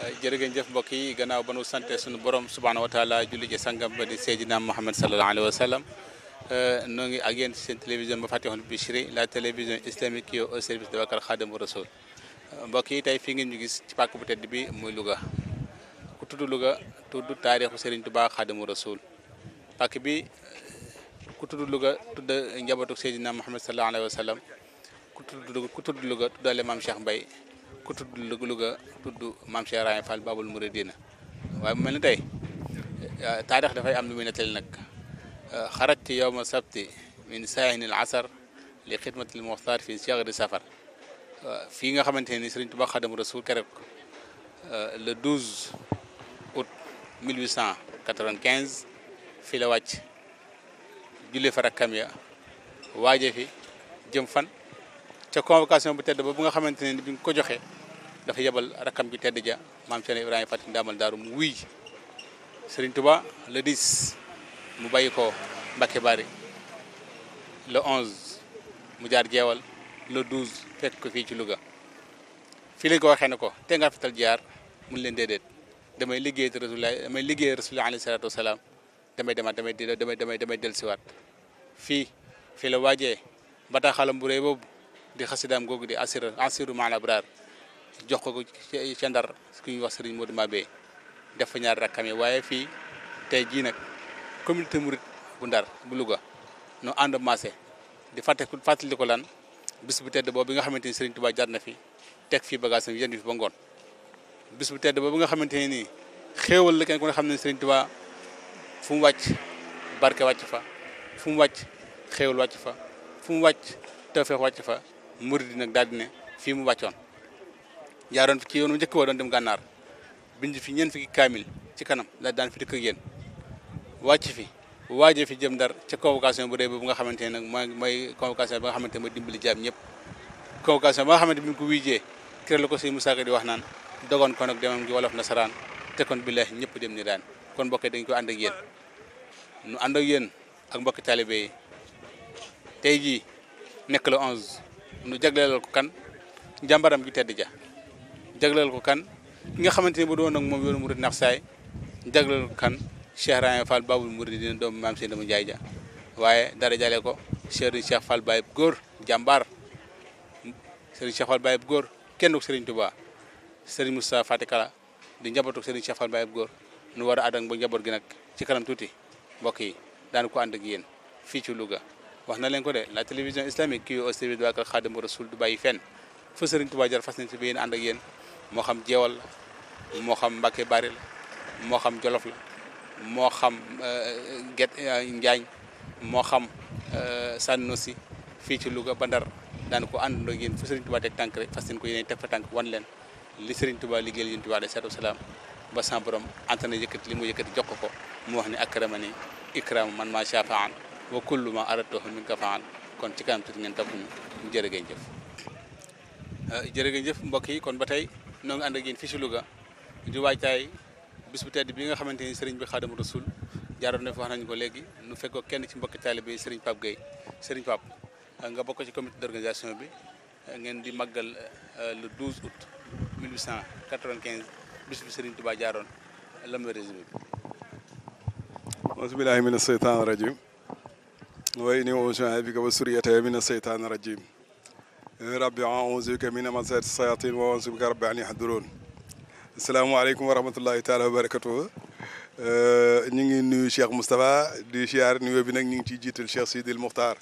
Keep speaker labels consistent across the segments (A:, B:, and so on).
A: Eh, jërë ngeen jëf mbokk yi gannaaw ba nu sante suñu borom subhaanahu wa taala julli ji sangam ba di Seydina Muhammad sallallahu alayhi wa sallam eh, noo ngi ak yéen seen télévision ba Fatihul Bichri la télévision islamique qui est au service de Bakar Khadimou Rassoul eh, mbokk yi tey fii ngeen ñu gis ci pàkk bu tedd bi muy Louga ku tudd Louga tudd taarixu Serigne Touba Khadimou Rassoul pàkk bi ku tudd Louga tudd njabootu Seydina Muhammad sallallahu alayhi wa sallam ku tudd luga ku tudd Louga ku tudd Louga tudd maam Cheikh Ibrahima Fall Babul Mouridina waaye mu mel na tey eh, taarix dafay am lu muy nettali nag eh, xarajtu yowma sabti min saahin al asar li xidmatil muxtaar fi chahri safar eh, fii nga xamante ni Sëriñ Tuubaa Xaadimu Rasuul keroog le 12 août 1895 fi la wàcc julli fa rakkam ya fi jëm fan ca convocation bu tedd ba bu nga xamante ne bi nga ko joxe dafa yebal rakam bi tedd ja maam Cheikh Ibrahima Faty Ndamal Daaru mu wuy Serigne Touba le 10 mu bàyyi ko Mbacke Bari le 11 mu jaar jeewal le 12 fekk ko fii ci Louga fii lañ ko waxee ne ko te nga fital jaar mun leen déedéet damay liggéey Rasulullah damay liggéey Rasulullah alayhi salaatu wasalaam damay demaat damay damay damay damay dellusiwaat fii fii la waajee bataaxalam bu rëy boobu di xasidaam googu di asir asiru maal abraar jox ko ca ndar ku ñuy wax sëriñ Modou Mabé def fa ñaar rakk yi waaye fii tey jii nag communauté murit bu ndar bu Louga nu ànd maase di fàtte fàttali ko lan bis bu tedd boobu bi nga xamante ni sëriñ Tuubaa jar na fi teg fii bagage yi yéen ngoon bis bu tedd boobu nga xamante ne nii xéewal la kenn ku ne xam ne sëriñ Tuubaa fu mu wàcc barke wàcc fa fu mu wàcc xéewal wàcc fa fu mu wàcc tawfeex wàcc fa murid nag daal di ne fii mu wàccoon jaaroon ci yoonu njëkk wa doon dem gànnaar bind fi ñeent fukki kaamil ci kanam la daan fi dëkk ak yéen wàcc fi waaje fi jëm dar ca convocation bu rëy bu nga xamante ne nag mooy mooy convocation ba nga xamante ne mooy dimbali jaam ñëpp convocation ba nga xamante bi mu ko wiijee kër la ko si Moussa Ka di wax naan dogoon ko nag demam gi wolof nasaraan te kon billahi ñëpp dem ni daan kon mbokk yi dañ ko ànd ak nu ànd ak yéen ak mbokki taalibe yi tey jii nekk la 11 nu jagleelal ko kan njàmbaram ju tedd ja jagleel ko kan ki nga xamante ni bu doon ak moom yoonu murid nax saay jagleel ko kan Cheikh Rahane Fall Babul Mouridina doomu maam seen dama jaay ja waaye dara jale ko Serigne Cheikh Fall Baye góor jàmbaar Serigne Cheikh Fall Baye góor kenn ku Serigne Touba Serigne Moussa Fatikala di njabootu Serigne Cheikh Fall Baye góor nu war a ànd ak ba njaboot gi nag ci kanam tuuti mbokk yi daan ko ànd ak fii ci Louga. wax na leen ko de la télévision islamique qui est au service de waa kër Xaadimu Rasul du bàyyi fenn fa Sëriñ Tuubaa jar fas nañ si yéen ànd ak yéen moo xam jeewal la moo xam Mbàkke Bari la moo xam Jolof la moo xam euh, get euh, Njaañ moo xam euh, Sànnusi fii ci Louga ba Ndar daan ko àndandoo ak yéen fa Sëriñ Tuubaa teg tànk rek fas nañ ko yéen teg fa tànk wan leen li Sëriñ Tuubaa liggéeyal yéen Tuubaa alayhi salaatu salaam ba san borom anta na yëkkati li mu yëkkati jox ko mu wax ne akramani ikraam man ma shafaan wa kullu ma aradtuhu min ka faal kon ci kanam tuuti ngeen topp ñu jërë ngeen jëf ah, jërë ngeen jëf mbokk yi kon ba tey noo ngi ànd ak yéen fii si Louga di waajtaay bis bu tedd bi nga xamante ni sëriñ bi Xaadimu Rasuul jaaroon na fi wax nañu ko léegi nu fekkoo kenn ci mbokki taalibe yi sëriñ Pape Gueye sëriñ Pape ah, nga bokk ci comité d'organisation bi ah, ngeen di màggal le 12 août 1895 bis bi sëriñ Touba jaaroon lam résumé bi.
B: وإني أعوذ بك وسريتها من الشيطان الرجيم ربي أعوذ بك من همزات الشياطين وأعوذ بك ربي أن يحضرون asalaamaaleykum wa rahmatullahi taala wa barakatuh ñu ngi nuyu Cheikh Moustapha di siyaar nuyoo bi nag ñu ngi ciy jiital Cheikh Sidil Muxtaar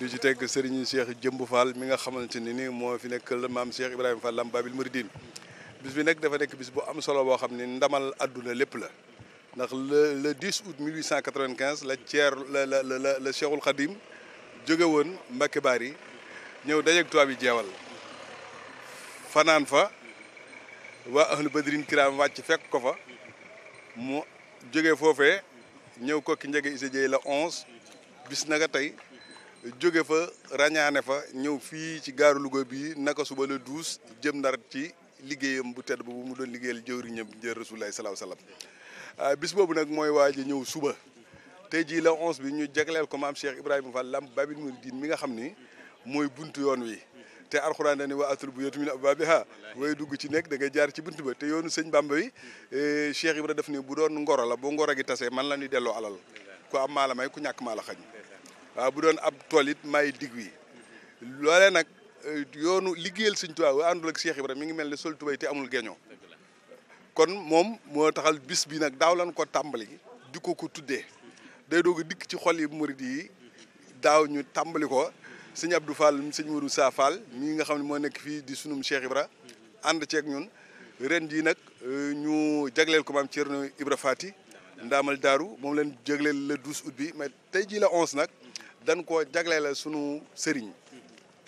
B: di ci teg Serigne Cheikh Jëmb Fall mi nga xamante ne ni moo fi nekkal maam Cheikh Ibrahima Fall Lam Babil Mouridine bis bi nag dafa nekk bis bu am solo boo xam ne ndamal adduna lépp la ndax le le 10 août 1895 la ceer la la la la Cheikhul Khadim jóge woon baar yi ñëw dajeeg tubaab yi jeewal fanaan fa waa ahlu badrin kiram wàcc fekk ko fa mu jóge foofee ñëw kokki njege isa jeey la 11 bis na nga tey jóge fa ràññaane fa ñëw fii ci gaaru Louga bii naka suba le 12 jëm ndar ci liggéeyam bu tedd bu mu doon liggéeyal jëwriñam jër Rasulullaah salaahu salaam Euh, bis boobu nag mooy waaj a ñëw suba te jii la onze bi ñu jagleel ko maam Cheikh Ibrahima Fall lam babil muridin mi nga xam ni mooy bunt yoon wi te alxuraan dani wa atul bu yootu bi abaabiha way dugg ci nekk da ngay jaar ci bunt ba te yoonu sëñ Bamba bi e, Cheikh Ibrahima def ni bu doon ngoro la boo ngoro gi tasee man la ñuy delloo alal ku am maala may ku ñàkk maala xañ waaw bu doon ab tool it may dig wi loolee nag e, yoonu liggéeyal sëñ Tuubaa àndul ak Cheikh Ibrahima mi ngi mel ne sol tubay amul geeñoo kon moom moo taxal bis bi nag daaw lan ko tàmbali di ko ko tuddee day doog dikk ci xol yi murid yi daaw ñu tàmbali ko sëñ Abdou Fall sëñ Modou Sa Fall mii nga xam ne moo nekk fii di sunum Cheikh Ibra ànd ceeg ñun ren jii nag ñu jagleel ko maam Thierno Ibra Fati ndaamal daaru moom leen jagleel la 12 août bi mais tey jii la 11 nag dañ koo jagleel la sunu sëriñ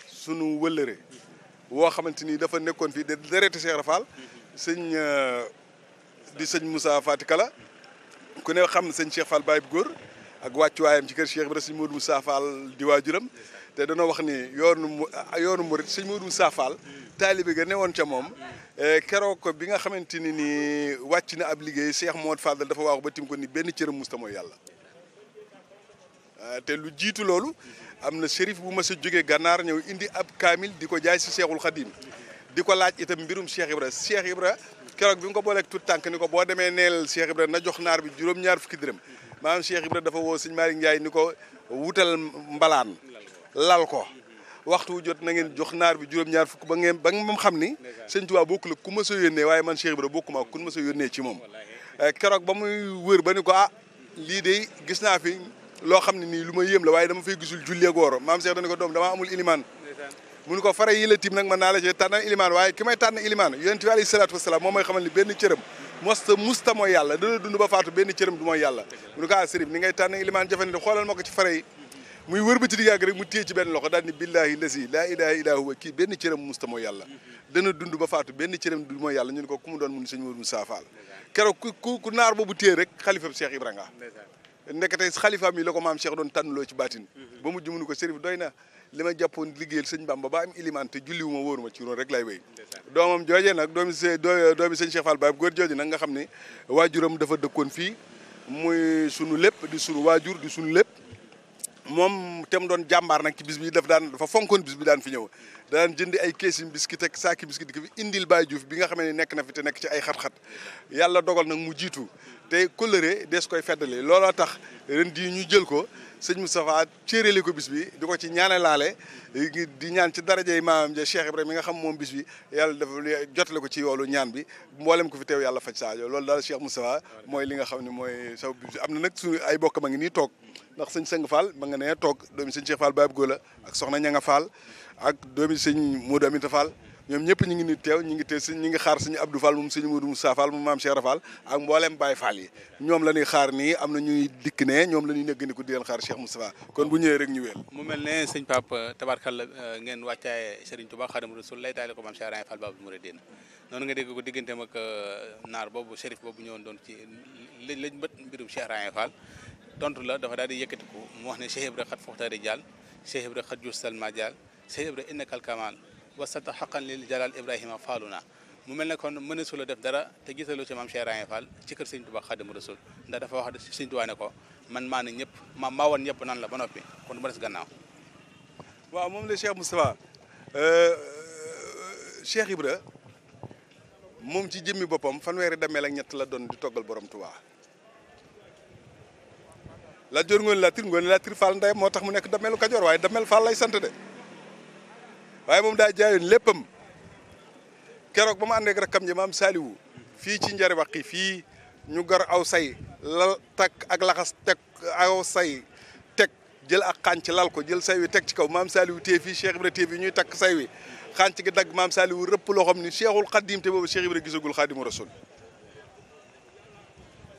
B: sunu wëllëre woo xamante ni dafa nekkoon fii de deretu Cheikh Ibra Fall sëñ di sëñ Moussa faati Kala ku ne xam ne sëñ Cheikh baay bu góor ak wàccuwaayam ci kër Cheikh Ibrahima sëñ Modou Moussa Fall di waajuram te danoo wax ni yoonu mu yoonu murit sëñ Modou Moussa Fall taalibe ga newoon ca moom eh, keroog ko bi nga xamante ni nii wàcc na ab liggéey Cheikh Modou Fadal dafa waaxu ba tim ko ni benn cëram musta mooy yàlla ah, te lu jiitu loolu am na shérif bu mas a jógee gànnaar ñëw indi ab kaamil di ko jaay si Cheikhul Khadim di ko laaj itam mbirum Cheikh Ibra Cheikh Ibra keroog bi nga ko booleeg tout tànk ni ko boo demee neel Cheikh Ibra na jox naar bi juróom-ñaar fukki dërëm maanaam Cheikh Ibra dafa woo sëñ Malick Ndiaye ni ko wutal mbalaan lal ko waxtu jot na ngeen jox naar bi juróom-ñaar fukk ba ngeen ba moom xam ni sëñ Tuubaa bokkul ku ma sa yónnee waaye man Cheikh Ibra bokkuma ku ma sa yónnee ci moom eh, keroog ba muy wër ba ni ko ah lii de gis naa fi loo xam ne nii lu ma yéem la waaye dama fay gisul jullee gooro maam Cheikh dana ko doom dama amul ilimaan mun ko fara yi la tiim nag mën naa la ci tànnal ilimaan waaye ki may tànn ilimaan yonent bi alayhi salaatu wasalaam moom mooy xamal ni benn cërëm mosta musta mooy yàlla dana dund ba faatu benn cërëm du mooy yàlla mun ko ah sëriñ ni ngay tànn ilimaan jëfandikoo xoolal ma ko ci fara yi muy wër ba ci diggaag rek mu téye benn loxo daal ni billahi lasi laa ilaha illa huwa kii du mooy yàlla doon mun sëñ Mourou Moussa Fall keroog ku ku naar boobu téye rek xalifam Cheikh Ibrahima ndekete xalifaam yi la ko maam Cheikh doon loo ci baatin ba mujj mu ne ko sëriñ doy na li ma jàppoon liggéeyal sëñ Bamba ba am ilimaan te julli wu ma loolu rek lay wéy doomam joojee nag doomi s doomi sëñ Cheikh Fall Baye góor jooju nag nga xam ne waajuram dafa dëkkoon fii muy sunu lépp di sunu waajur di sunu lépp moom tam doon jàmbaar nag ci bis bi daf daan dafa fonkoon bis bi daan fi ñëw daan jënd ay keesi biskit ak saaki biskit di ko fi indil baa Diouf bi nga xam ni nekk na fi te nekk ci ay xat-xat yàlla dogal na mu jiitu tey te de des koy feddali looloo tax ren jii ñu jël ko sëñ Moustapha li ko bis bi di ko ci ñaanalaale di ñaan ci darajey maamam ja Cheikh rek mi nga xam moom bis bi yàlla dafa ko ci yoolu ñaan bi mboolem ko fi yàlla faj saajo loolu daal Cheikh Moustapha mooy li nga xam ni mooy saw bis am na nag suñu ay bokk ma ngi nii toog ndax sëñ Sëng Fall ma nga nee toog doomi sëñ Cheikh Fall Baab Góola ak soxna Ñanga Fall ak doomi sëñ Modou Aminta Fall ñoom ñëpp ñu ngi ni teew ñu ngi te si ñu ngi xaar suñu Abdou Fall moom suñu Modou Moussa Fall moom maam Cheikh Fall ak mboolem baay Fall yi ñoom la ñuy xaar nii am na ñuy dikk ne ñoom la ñuy nëgg ni ko di leen xaar Cheikh Moustapha kon bu ñëwee rek ñu wéel
A: mu mel ne sëñ Pape euh, la euh, ngeen wàccaaye Serigne Touba Xaadimu Rasuul lay taale ko maam Cheikh Ibra Fall Baabul Muridiin noonu nga dégg ko digganteem ak euh, naar boobu Chérif boobu ñëwoon doon ci lañ lañ bët mbirum Cheikh Ibra Fall tontu la dafa daal di yëkkatiku mu wax ne Cheikh Ibra xat foxtaari jall Cheikh Ibra xat juustal ma jall Cheikh wasata xaqan lil jalal ibrahima faalu naa mu mel ne kon mënesu la def dara te gisaloo ci maam Cheikh Ibrahima ci kër sëñ Tuubaa Xaadimu Rasuul ndax dafa wax sëñ Tuubaa ko man maa ne ñëpp
B: ma woon ñëpp nan la ba noppi kon du ma moom la Cheikh Moustapha euh, euh, Cheikh Ibra moom ci jëmmi boppam fanweeri dameel ak ñett la doon di toggal borom Tuubaa la jor ngoon la tir ngoon la tir Fall nday moo tax mu nekk dameelu Kajoor waaye dameel Fall lay sant de waaye moom daa jaayoon léppam keroog ba ma ànd ak rakkam ji maam saaliwu fii ci njari waqi fii ñu gar aw say lal tak ak laxas teg aw say teg jël ak xànc lal ko jël say wi teg ci kaw maam Saliou téye fii Cheikh Ibra téye fii ñuy takk say wi xànc gi dagg maam Saliou rëpp loo xam ni Cheikhul Xadim te boobu Cheikh Ibra gisagul Xadimu Rasul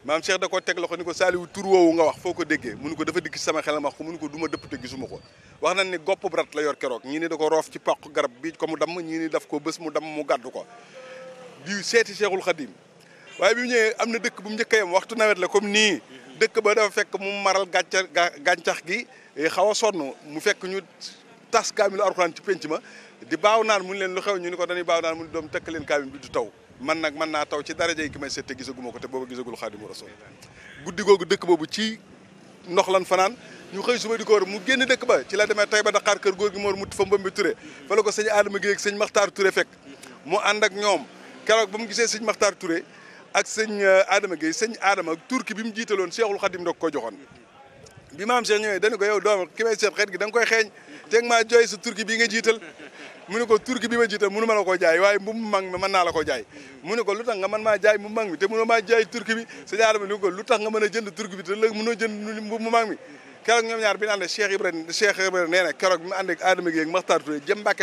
B: maam Cheikh da ko teg loxo ni ko Saliou tur woowu nga wax foo ko déggee munu ko dafa dikk sama xelam wax ko munu ko du ma gisuma ko wax nañ ni gopp rat la yor keroog ñii ni da ko roof ci pàq garab bi ko mu damm ñii ni daf ko bés mu damm mu gàddu ko di seeti Cheikhul Khadim waaye bi mu ñëwee am na dëkk bu mu njëkk yam waxtu nawet la comme nii dëkk ba dafa fekk mu maral gàncax gàncax gi eh, xaw a sonn mu fekk ñu tas kaamilu Alxuraan ci pénc ma di baaw naan mu leen lu xew ñu ni ko dañuy baaw naan mun tekk leen kaamil bi du taw man nag mën naa taw ci darajey ki may seet te gisaguma ko te booba gisagul xaadimu rasul guddi googu dëkk boobu ci ndox lan fanaan ñu xëy suba di ko war mu génn dëkk ba ci la demee tay ba Dakar kër góor gi moor mutti fa mbambi Touré fa la ko sëñ Adama Guèye ak sëñ Makhtar Touré fekk mu ànd ak ñoom keroog ba mu gisee sëñ Makhtar Touré ak sëñ euh, Adama Guèye sëñ Adama turki bi mu jiitaloon Seexul Xadim da ko joxoon bi maam Cheikh ñëwee dañu ko yow doom ki may seet xeet gi da ko koy xeeñ teeg maa jooy sa turki bi nga jiital mu ne ko turki bi ma jiital mënu ma la jaay waaye mbubu mag mi mën naa la koo jaay mu ne ko lu tax nga mën maa jaay mbubu mag mi te mënoo maa jaay turki ni ko lu tax nga mën a jënd turki bi te léegi mënoo jënd mbubu ñaar bi ñu àndee Cheikh Ibrahima Cheikh Ibrahima nee na keroog bi mu àndee ak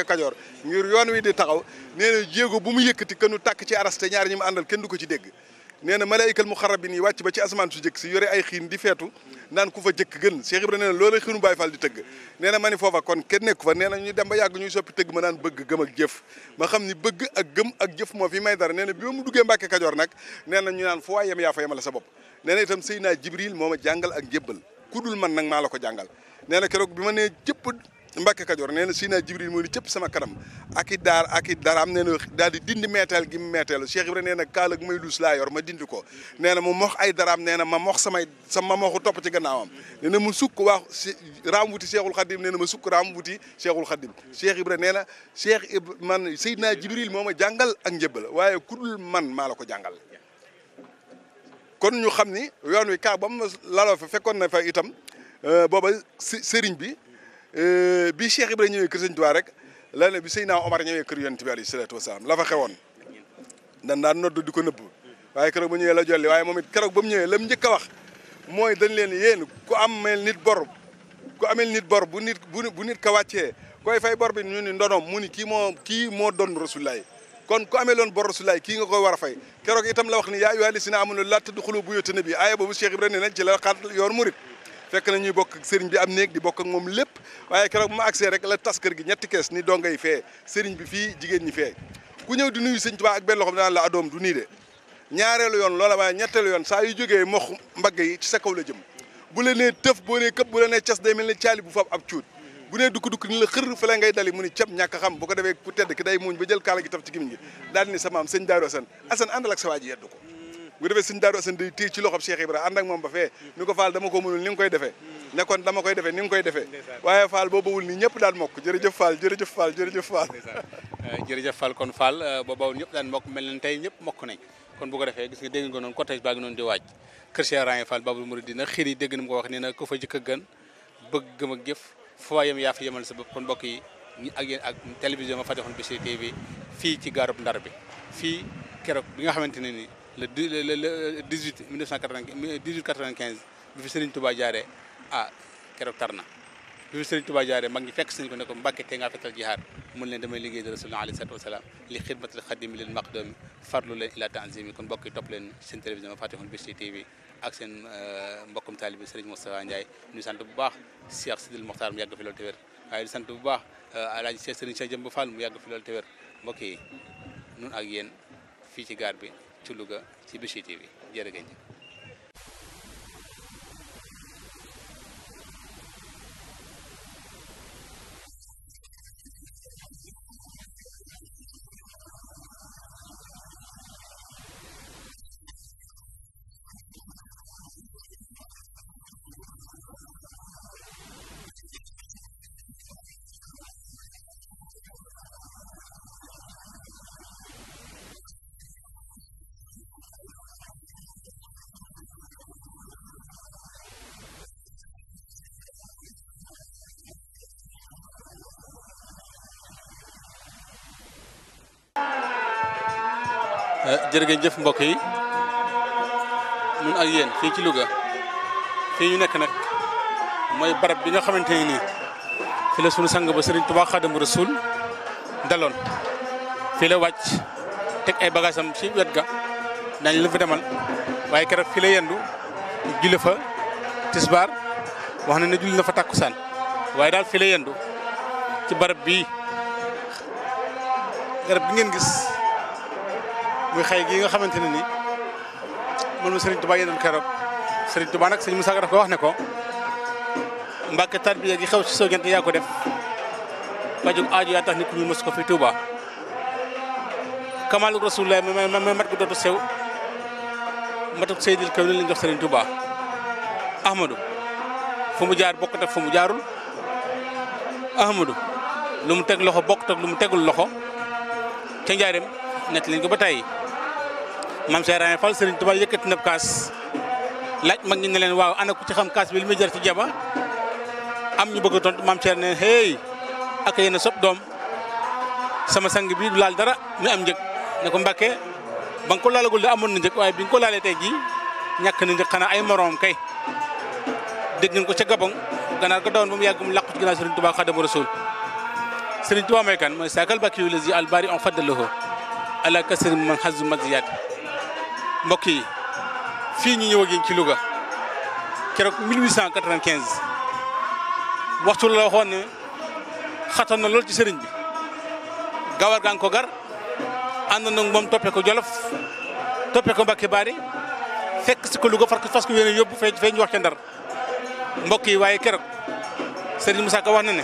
B: Adama Gueye wi di taxaw nee jéego bu mu yëkkati kënu tàkk ci aras ñaar ñi mu àndal kenn du ko ci dégg nee na malaayikal muxarrabin yi wàcc ba ci asamaan su jëkk si yore ay xiin di feetu naan ku fa jëkk gën Cheikh Ibra nee na loolu xinu Baye Fall di tëgg nee na foofa kon kenn nekku fa ñu dem ba yàgg ñuy soppi tëgg ma naan bëgg gëm ak jëf ma xam ni bëgg ak gëm ak jëf moo fi may dara nee na bi mu duggee Mbàkke Kajoor nag nee na ñu naan foo yem yaa fa yemale sa bopp nee na itam Seydina Jibril moo ma jàngal ak njébbal ku dul man nag maa la ko jàngal nee na bi ma nee jëpp Mbacke Kajoor nee na Sina Jibril moo ni cëpp sama kanam ak i ak i daraam nee na daal di dindi meeteel gi mu meeteelu Cheikh Ibra nee na kaalag may luus laa yor ma dindi ko nee na mu mox ay daraam nee na ma mox samay sa ma moxu topp ci gannaawam nee na mu sukk waax raam wuti Cheikhul Khadim nee na ma sukk raam wuti Cheikhul Khadim Cheikh Ibra nee na Cheikh Ibra man Seydina Jibril moo ma jàngal ak njëbbal waaye ku man maa la ko jàngal kon ñu xam ni yoon wi kaa ba mu laloo fa fekkoon na fa itam euh, booba sëriñ bi Euh, bi Cheikh Ibrahima ñëwee kër Sëñ waa rek la ne bi Seydina Omar ñëwee kër Yonent bi alayhi salaatu wasalaam la fa xewoon dan daan nodd di ko nëbb waaye keroog ba ñëwee la jolli waaye moom it keroog ba mu ñëwee la mu njëkk a wax mooy dañ leen yéen ku am mel nit bor ku amel nit bor bu nit bu nit ka wàccee koy fay bor bi ñu ni ndonoom mu ni kii moo kii moo doon rasulaay kon ku amee loon bor rasulaay kii nga koy war a fay keroog itam la wax ni yaa ayyuhaa llaziina aamanuu laa tadxuluu buyuuta nabii aaya boobu Cheikh Ibrahima ne ci la xaat fekk na ñuy bokk ak sëriñ bi am néeg di bokk moom lépp waaye keroog ma agsee rek la tas kër gi ñetti kees ni dongay fee sëriñ bi fii jigéen ñi fee ku ñëw di nuyu sëñ Tuubaa ak benn la adoom du nii yoon loola waaye ñetteelu yoon saa yu jógee mox mbagg yi ci sa kaw la jëm bu la nee tëf boo nee këpp bu la nee cas ab cuut bu nee dukk dukk ni la xër fa dali mu ni cëb ñàkk xam bu defee ku tedd ki day muuñ ba jël kaala gi taf ci gimiñ gi daal ni sa sëñ Daaru Asan Asan àndal ak waa ji yeddu ko bu defee suñ daaru asan day téye ci loxob Cheikh Ibra ànd moom ba fee ni ko faal dama ko mënul ni koy defee ne kon dama koy defee ni koy defee waaye faal boo bawul nii ñëpp daan mokk jërëjëf faal jërëjëf faal
A: eh, kon faal eh, boo bawul ñëpp daan mokk mel na tey ñëpp mokk nañ kon bu ko defee gis nga dégg nga noonu cortège baa ngi di waaj kër Cheikh Ibra Fall Babul Mouridina xir yi dégg na mu ko wax nee na ku fa jëkk a gën bëgg gëm ak jëf foo yem yaa fa yemal sa bopp mbokk yi ñu ak yéen ak télévision ma fàtte woon Bichri TV ci gaarub Ndar bi fii keroog bi nga xamante ne ni le le 18 1995 bi fi Serigne Touba jaaree ah keroog na bi fi Serigne Touba jaaree mag ñi fekk suñ ko ne ko Mbàkke te ngaa fekkal jihaar mun leen damay liggéey de Rasulullah alayhi salaatu wasalaam li xidmatil xadimi lil farlu leen ila tanzimi kon mbokk yi leen seen télévision ma Fatihul Bichri TV ak seen euh, mbokkum taalibe bi Serigne Moustapha Ndiaye ñu sant bu baax Cheikh Sidil Mokhtar mu yàgg fi loolu te wér waaye di sant bu baax euh, Alaaji Cheikh Serigne Cheikh Jëmb mu yàgg fi loolu te wér mbokk ak yéen fii ci gaar bi ci Louga ci Bichri TV jërë ngeen Eh, jërë jëf mbokk yi ñun ak fii ci Louga fii ñu nekk nag mooy barab bi nga xamante ni nii fi la sunu sang ba Serigne Touba Xaadimu Rasuul daloon fii la wàcc teg ay bagaasam ci wet ga dañ la fa demal waaye keroog fii la yendu fa tisbaar wax na ne julli na fa tàkkusaan waaye daal fii la ci barab bi garab bi ngeen gis muy xëy gi nga xamante ne nii moom la Serigne Touba yéenal keroog Serigne Touba nag sëñ Moussa Ka daf wax ne ko Mbàkke tarbiya gi xew ci soo gent yaa ko def pajug aaju yaa tax nit ku ñu mës ko fi Touba Kamalu Rasulullah ma mat gu dootu sew matuk kew Kaw lañ jox Serigne Touba Ahmadou fu mu jaar bokk ak fu mu jaarul Ahmadou lu mu teg loxo bokk ak lu mu tegul loxo ca njaareem net lañ ko ba tey mam Cheikh Ibrahima Fall Serigne Touba yëkkati na kaas laaj mag ñi ne leen waaw ana ku ci xam kaas bi li muy jar ci jaba am ñu bëgg a tontu mam Cheikh ne hey ak yéen a doom sama sang bii du laal dara ñu am njëg ne ko Mbàkke ba nga ko laalagul da amoon na njëg waaye bi nga ko laalee tey jii ñàkk na njëg xanaa ay moroom kay dégg ngeen ko ca Gabon ganaar ga doon ba mu yàgg mu làqu ci ginnaaw Serigne Touba Xaadimu Rasuul Serigne Touba mooy kan mooy saakal bakki yu la ji albari on faddalahu ala kasri man xazu maziyaat mbokk yi fii ñu ñëw ak yéen ci Louga keroog 1895 waxtu la waxoon ne xatoon na lool ci sëriñ bi gawar gaa ngi ko gar ànd na moom toppee ko Jolof toppee ko Mbàkke Baari fekk si ko Louga far fas ko yéene yóbbu fee fee ñu wax ca Ndar mbokk yi waaye keroog sëriñ Moussa Ka wax na ne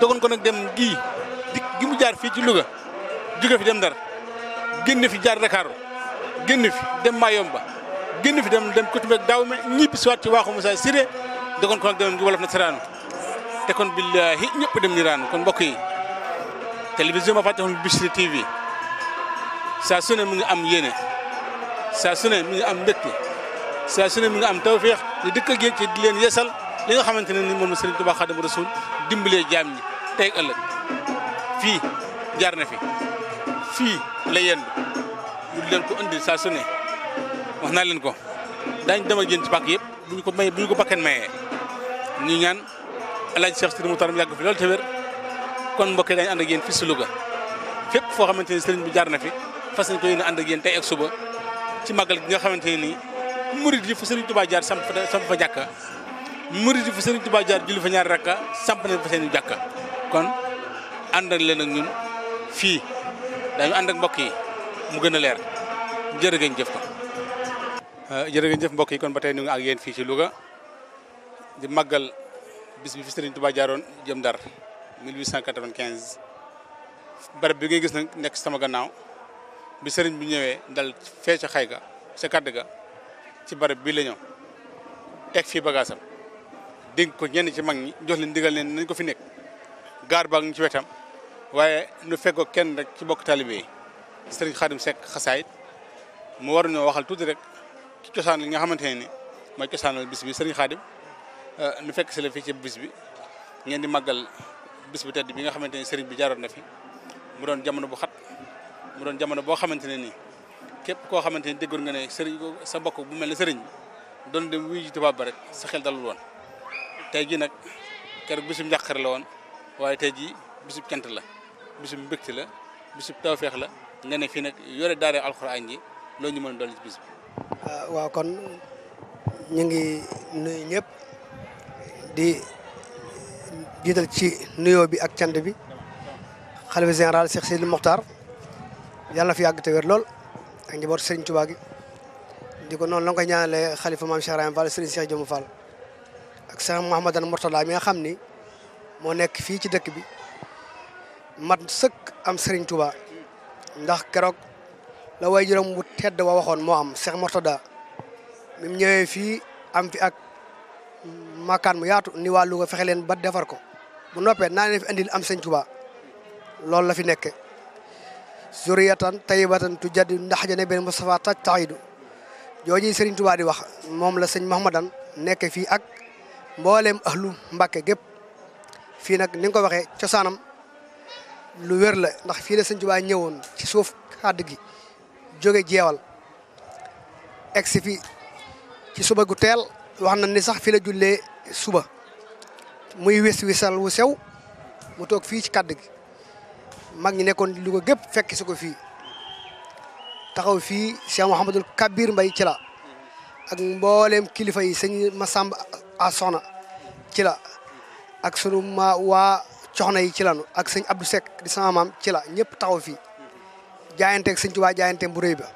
A: dogoon ko nag dem gi dikk gi mu jaar fii ci Louga jóge fi dem Ndar génn fi jaar Dakar. génn fi dem Mayomba génn fi dem dem Koutumbek daaw mi ñibbi si waat ci waaxu Moussa Siré da kon kon ak doon na saraanu te ñëpp dem ni mbokk yi télévision ma fàtte woon Bichri TV saa su mu ngi am yéene saa su ne ngi am mbégte saa su mi ngi am tawféex di dëkk ak yéen ci di leen yeesal li nga xamante ne ni moom Serigne Touba Khadim Rasoul dimbalee jaam ñi tey ëllëg fii jar na fi fii la yendu du leen ko indi saa su ne wax naa leen ko daañ demal yéen ci pàkk yëpp bu ñu ko may bu ñu ko pàkkeen mayee ñu ñaan El Hadj Cheikh Sidi Moutar mu yàgg fi loolu te kon mbokk yi daañu ànd ak yéen fii si Louga fépp foo xamante ni sëriñ bu jaar na fi fas nañ ko yéen ànd ak yéen tey ak suba ci màggal gi nga xamante ne nii murid yi fa sëriñ Touba jaar samp fa samp fa jàkka murid yi fa sëriñ Touba jaar julli fa ñaari rakka samp nañ fa seen jàkka kon ànd ak leen ak ñun fii ànd mbokk yi mu gën a leer jërë ngeen jëf ko euh, jërë jëf mbokk yi kon ba tey ñu ngi ak yéen fii ci Louga di màggal bis bi fi Serigne Touba jaaroon jëm Ndar 1895 barab bi ngay gis nag nekk sama gannaaw bi Serigne bi ñëwee dal fee ca xay ga ca kàdd ga ci barab bi la ñëw teg fii bagaasam dénk ko ñenn ci mag ñi jox leen digal leen nañ ko fi nekk gaar baa ngi ci wetam waaye nu fekk kenn rek ci bokk taalibe yi sëriñ Xaadim Seck xasaayit mu war ñoo waxal tuuti rek ci cosaan li nga xamante ne ni mooy cosaanal bis bi sëriñ Xaadim nu euh, fekk si la fii ci bis bi ngeen di màggal bis bu tedd bi nga xamante ne sëriñ bi jaaroon na fi mu doon jamono bu xat mu doon jamono boo xamante ne nii képp koo xamante ne déggoon nga ne sëriñ sa bokk bu mel ne sëriñ doon dem wuyu ji tubaab ba rek sa xel dalul woon tey jii nag keroog bisum njàqare la woon waaye tey jii bisub cant la bisum mbégte la bisub tawfeex la nga ne fii nag
C: ah, waaw kon ñu ngi nuyu di jiital ci nuyo bi ak cant bi xalifa général Cheikh Sidi Mokhtar yàlla fi yàgg te wér lool ak njabootu Serigne Touba gi di ko noonu la nga koy xalifa maam Cheikh Rahim Fall Serigne Cheikh Jëmu ak Cheikh Mouhamadan Mourtala mi nga xam ni moo nekk fii ci dëkk bi mat sëkk am Serigne Touba. ndax keroog la way juróom bu tedd wa waxoon moo am seex Mortada mi mu ñëwee fii am fi ak makan mu yaatu ni waa fexe leen ba defar ko bu noppee naa leen andil am sëñ Tuubaa loolu la fi nekke zuriyatan tayyibatan tu jaddi ndax jane benn Moustapha taj taxidu jooju Serigne di wax moom la sëñ Mahamadan nekk fii ak mbooleem ahlu Mbàkke gépp fii nag ni ko waxee cosaanam lu wér la ndax fii la sëñ Tuubaa ñëwoon ci suuf kàdd gi jóge jeewal egsi fi ci suba gu teel wax na ni sax fii jullee suba muy wis wisal wu sew mu toog fii ci kàdd gi mag ñi nekkoon lu gépp fekk si ko fii taxaw fii Cheikh Mouhamadul Kabir Mbay ci la ak mbooleem kilifa yi sëñ Masamba a soxna ci ak sunu ma waa coxna yi ci lanu ak sëñ Abdou Seck di sama maam ci la ñëpp taxaw fii jaayanteeg sëñ Tuubaa jaayanteem bu rëy ba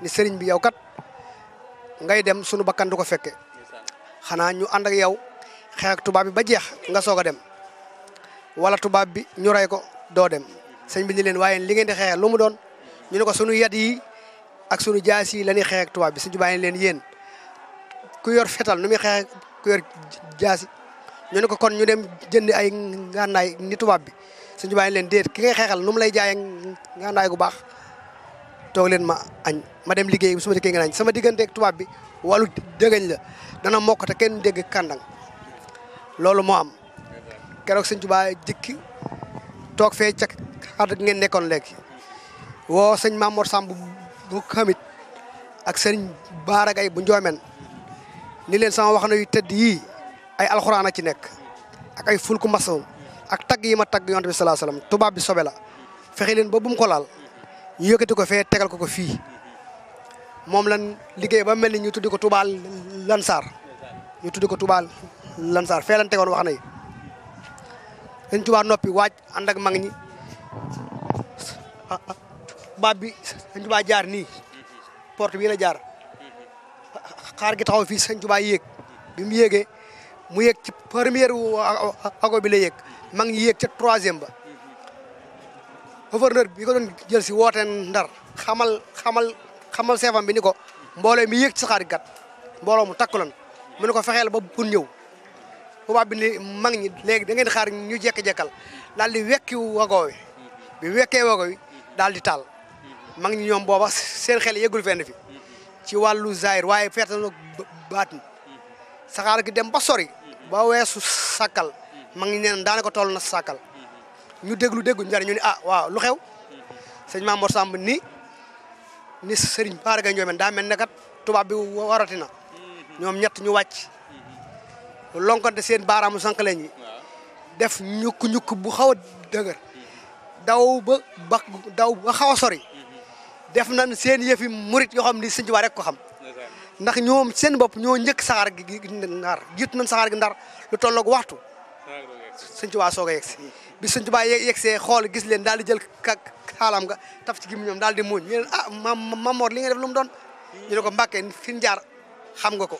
C: ni sëriñ bi yow kat ngay dem sunu bakkan du ko fekke xanaa ñu ànd ak yow xeex tubaab bi ba jeex nga soog a dem wala tubaab bi ñu rey ko doo dem sëñ bi ni leen waaye li ngeen di xeexee lu mu doon ñu ne ko sunu yat yi ak sunu jaas yi la ñuy xeex ak tubaab bi sëñ Tuubaa ni leen yéen ku yor fetal nu muy xeex ku jaasi ñu ne ko kon ñu dem jënd ay ngànnaay ni tubaab bi suñu bàyyi leen déet ki ngay xeexal nu mu lay jaayee ngànnaay gu baax toog leen ma añ ma dem liggéey bi su ma dikkee añ sama digganteeg tubaab bi wàllu dëgëñ la dana mokk te kenn dégg kàndang loolu moo am keroog sëñ Tuubaa jikki toog fee ca xar ngeen nekkoon léegi woo sëñ Mamour Samb bu kamit ak sëñ Baara Gaye bu njoomeen ni leen sama wax na tëdd yii ay alxuraan a ci nekk ak ay fulku masawum ak tagg yi ma tagg yonent bi salaa salaam tubaab bi sobe la fexe leen ba bu mu ko laal ñu yëkkati ko fee tegal ko ko fii moom lan liggéey ba mel ni ñu tuddi ko tubaal lansaar ñu tuddi ko tubaal lansaar fee lan tegoon wax na yi dañ tubaa noppi waaj ak mag ñi ah, ah, baab bi sëñ tubaa jaar nii porte bii jaar xaar gi taxaw fii sëñ yéeg bi mu yéegee mu yéeg ci première ago bi la yéeg ma ngi yéeg ca troisième ba gouverneur bi ko doon jël si wooteen ndar xamal xamal xamal seefam bi ni ko mbooloo mi yéeg saxaari saxaar gat mbooloo mu takkulan mu ne ko fexeel ba bun ñëw tubaab bi ni mag ñi léegi da ngeen xaar ñu jekki-jekkal daal di wekki wagoo wi bi wekkee wago wi daal di taal mag ñi ñoom booba seen xel yëgul fenn fi ci wàllu zaahir waaye feetal na baatin saxaar gi dem ba sori ba weesu sàkkal ma ngi neen daanaka toll na sàkkal ñu déglu déggu njëriñ ñu ne ah waaw lu xew sëñ Mamour Samb ni ni sëriñ Bara Gaye Ndiobène daa mel ne kat tubaab bi warati na ñoom ñett ñu wàcc lonkante seen baaraamu sànqale ñi def ñukk-ñukk bu xaw a dëgër daw ba ba daw xaw a sori def nañ seen yëfi murit yoo xam ni sëñ Tuubaa rek ko xam ndax ñoom seen bopp ñoo njëkk saxaar gi ndar jiitu na saxaar gi ndar lu tolloog waxtu sëñ Tuubaa soog a yegsi bi sëñ Tuubaa xool gis leen daal di jël ka xaalam nga taf ci gi ñoom daal di muuñ ñu leen li nga def lu mu doon ñu ne ko Mbàkke fi ñu jaar xam nga ko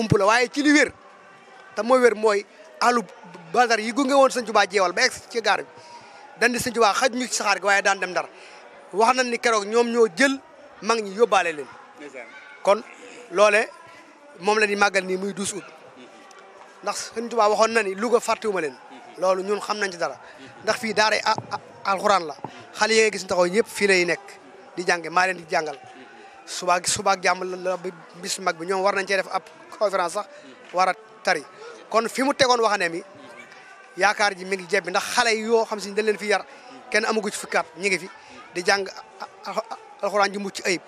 C: ump waaye ci li wér te moo wér mooy alu Badar yi gunge woon sëñ Tuubaa jeewal ba egsi ci gaar bi dañ di sëñ xaj ñu ci saxaar gi waaye daan dem ndar wax nañ ni keroog ñoom ñoo jël mag ñi yóbbaale leen loole moom la ñuy màggal nii muy 12 août ndax Sëñ Tuubaa waxoon na ni Louga fàttewuma leen loolu ñun xam nañ ci dara ndax fii daara alxuraan la xale yi nga gis taxaw ñëpp fii lay nekk di jànge maa leen di jàngal subaa subaa jàmm la bis mag bi ñoom war nañ cee def ab conférence sax war a tari kon fi mu tegoon waxane mi yaakaar ji mi ngi jebbi ndax xale yoo xam si dañ leen fi yar kenn amagu ci fukkaat ñu ngi fi di jàng alxuraan ji mucc ayib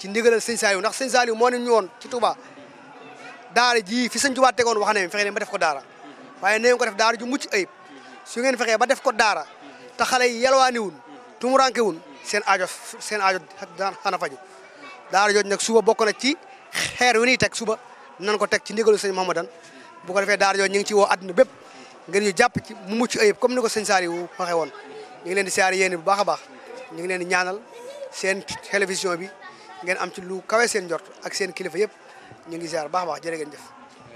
C: ci ndigalal sëñ Saliou ndax sëñ Saliou moo ne ñu woon ci Touba daara jii fi sëñ Touba tegoon wax ne fexe ne ba def ko daara waaye nee ko def daara ju mucc ayib su ngeen fexee ba def ko daara te xale yi yalwaaniwul tumurankewul seen aajo seen aajo dana faju daara jooju nag suba bokk na ci xeer wi ñuy teg suba nan ko teg ci ndigalu sëñ Mouhamadane bu ko defee daara jooju ñu ngi ci woo àdduna bépp ngeen ñu jàpp ci mu mucc ayib comme ni ko sëñ Saliou waxee woon ñu ngi leen di siyaare yéen bu baax baax ñu ngi leen di ñaanal seen télévision bi ngeen am ci lu kawe seen jot ak seen kilifa yëpp ñu ngi ziar baax a baax jërë ngeen jëf.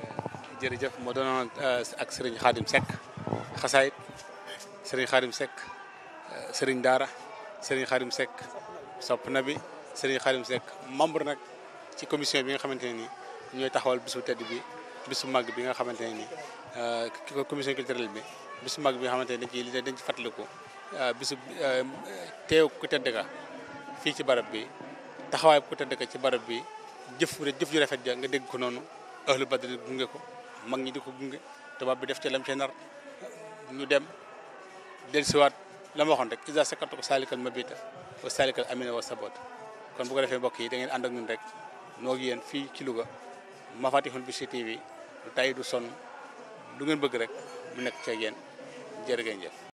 A: Eh, jërëjëf moo doonoon eh, ak Serigne Khadim Seck xasaayit Serigne Khadim Seck eh, Serigne Daara Serigne Khadim Seck sopp na bi Serigne Khadim sekk membre nag ci commission bi nga xamante ni nii ñooy taxawal bisu tedd bi bisu mag bi nga xamante ne nii commission culturelle bi bisu mag bi nga xamante ne dañ ciy dañ ci fàttaliku bisu teew ko tedd ka fii ci barab bi. taxawaay bu ko tëdd ci barab bi jëf jëf ju rafet ja nga dégg ko noonu ahlu badri gunge ko mag ñi di ko gunge tubaab bi def ci lam ci nar ñu dem dellusiwaat la ma waxoon rek isa sakatu ko saalikal mabita wa saalikal amina wa sabot kon bu ko defee mbokk yi da ngeen ànd ak ñun rek noo ngi yéen fii ci Louga Mafatihul Bichri TV lu tay du sonn lu ngeen bëgg rek mu nekk ceeg yéen jërë ngeen jëf